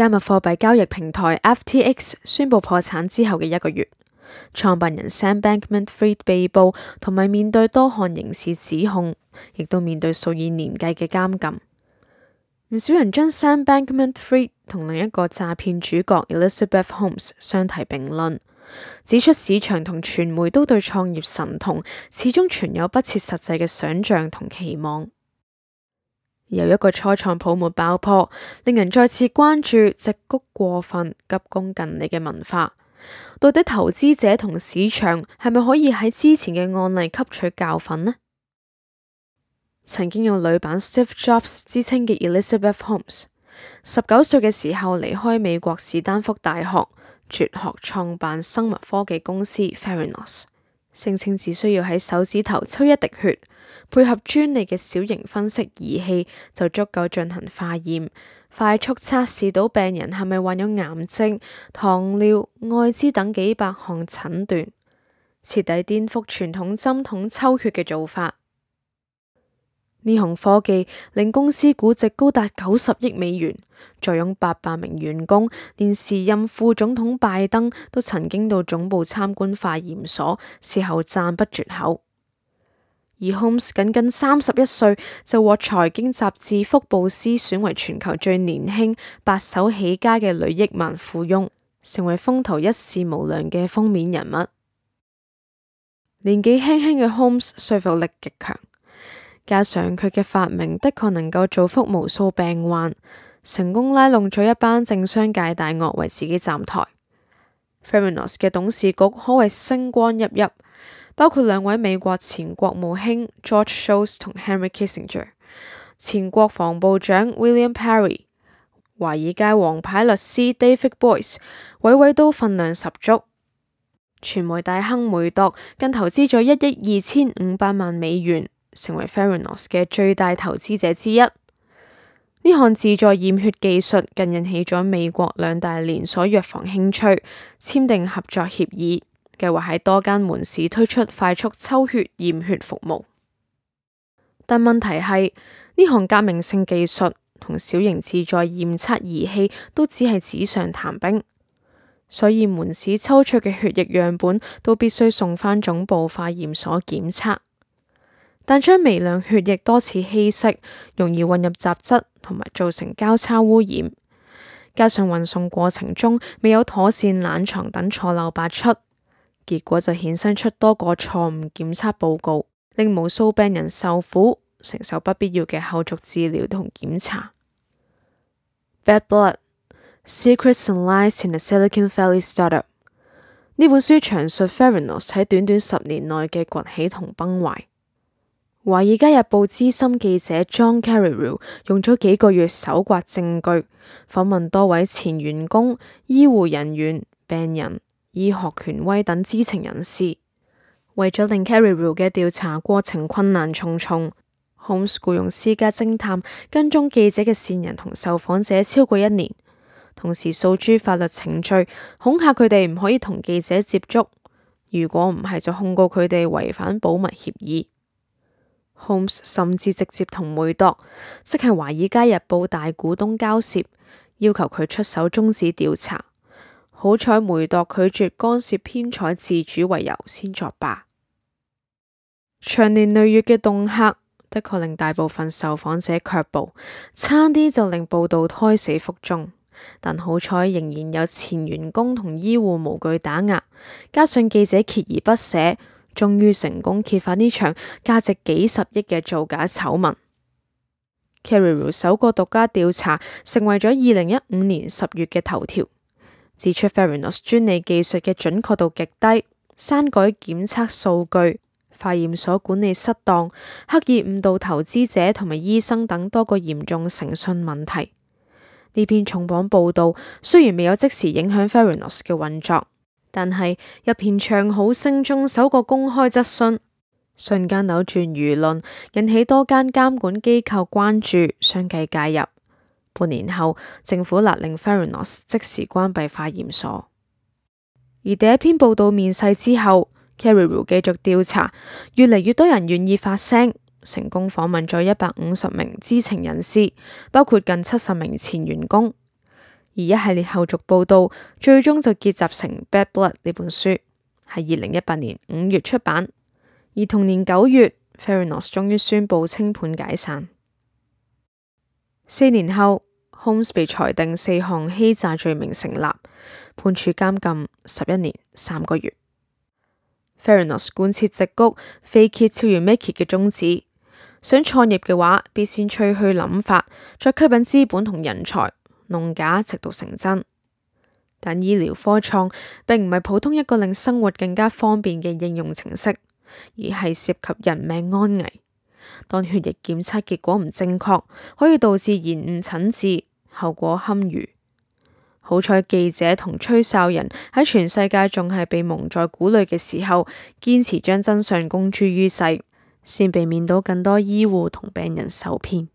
加密貨幣交易平台 FTX 宣佈破產之後嘅一個月，創辦人 Sam Bankman-Fried 被捕，同埋面對多項刑事指控，亦都面對數以年計嘅監禁。唔少人將 Sam Bankman-Fried 同另一個詐騙主角 Elizabeth Holmes 相提並論，指出市場同傳媒都對創業神童始終存有不切實際嘅想象同期望。由一個初創泡沫爆破，令人再次關注矽谷過分急功近利嘅文化。到底投資者同市場係咪可以喺之前嘅案例吸取教訓呢？曾經有女版 Steve Jobs 之稱嘅 Elizabeth Holmes，十九歲嘅時候離開美國史丹福大學，輟學創辦生物科技公司 Theranos。聲稱只需要喺手指頭抽一滴血，配合專利嘅小型分析儀器就足夠進行化驗，快速測試到病人係咪患有癌症、糖尿、艾滋等幾百項診斷，徹底顛覆傳統針筒抽血嘅做法。呢項科技令公司估值高達九十億美元，坐擁八百名員工，連時任副總統拜登都曾經到總部參觀化驗所，事後讚不絕口。而 Holmes 僅僅三十一歲，就獲財經雜誌福布斯選為全球最年輕白手起家嘅女億萬富翁，成為風頭一時無兩嘅封面人物。年紀輕輕嘅 Holmes 說服力極強。加上佢嘅發明的確能夠造福無數病患，成功拉攏咗一班政商界大鱷為自己站台。Theranos 嘅董事局可謂星光熠熠，包括兩位美國前國務卿 George Shultz 同 Henry Kissinger，前國防部長 William Perry，華爾街王牌律師 David Boyce，位位都份量十足。傳媒大亨梅鐸更投資咗一億二千五百萬美元。成為 Theranos 嘅最大投資者之一。呢項自助驗血技術更引起咗美國兩大連鎖藥房興趣，簽訂合作協議，計劃喺多間門市推出快速抽血驗血服務。但問題係呢項革命性技術同小型自助驗測儀器都只係紙上談兵，所以門市抽出嘅血液樣本都必須送返總部化驗所檢測。但將微量血液多次稀釋，容易混入雜質，同埋造成交叉污染。加上運送過程中未有妥善冷藏，等錯漏百出，結果就衍生出多個錯誤檢測報告，令無數病人受苦，承受不必要嘅後續治療同檢查。《Bad Blood: Secrets and Lies in a Silicon Valley Startup》呢本書詳述 Theranos 喺短短十年內嘅崛起同崩壞。華爾街日報資深記者 John Carreyrou 用咗幾個月搜刮證據，訪問多位前員工、醫護人員、病人、醫學權威等知情人士，為咗令 Carreyrou 嘅調查過程困難重重。Holmes 僱傭私家偵探跟蹤記者嘅線人同受訪者超過一年，同時訴諸法律程序，恐嚇佢哋唔可以同記者接觸，如果唔係就控告佢哋違反保密協議。Holmes 甚至直接同梅鐸，即係華爾街日報大股東交涉，要求佢出手終止調查。好彩梅鐸拒絕干涉，編採自主為由先作罷。長年累月嘅恫嚇，的確令大部分受訪者卻步，差啲就令報道胎死腹中。但好彩，仍然有前員工同醫護無懼打壓，加上記者鍥而不捨。終於成功揭發呢場價值幾十億嘅造假醜聞，Carreyrou 首個獨家調查成為咗二零一五年十月嘅頭條，指出 Theranos 專利技術嘅準確度極低，刪改檢測數據，化驗所管理失當，刻意誤導投資者同埋醫生等多個嚴重誠信問題。呢篇重磅報道雖然未有即時影響 Theranos 嘅運作。但係，一片唱好聲中，首個公開質詢瞬間扭轉輿論，引起多間監管機構關注，相繼介入。半年後，政府勒令 Theranos 即時關閉化驗所。而第一篇報道面世之後，Carreyrou 繼續調查，越嚟越多人願意發聲，成功訪問咗一百五十名知情人士，包括近七十名前員工。而一系列後續報道，最終就結集成《Bad Blood》呢本書，係二零一八年五月出版。而同年九月，Theranos 終於宣布清盤解散。四年後，Holmes 被裁定四項欺詐罪名成立，判處監禁十一年三個月。Theranos 貫徹矽谷，fake it till you make it 嘅宗旨。想創業嘅話，必先吹噓諗法，再吸引資本同人才。弄假直到成真，但醫療科創並唔係普通一個令生活更加方便嘅應用程式，而係涉及人命安危。當血液檢測結果唔正確，可以導致延誤診治，後果堪虞。好彩記者同吹哨人喺全世界仲係被蒙在鼓裏嘅時候，堅持將真相公諸於世，先避免到更多醫護同病人受騙。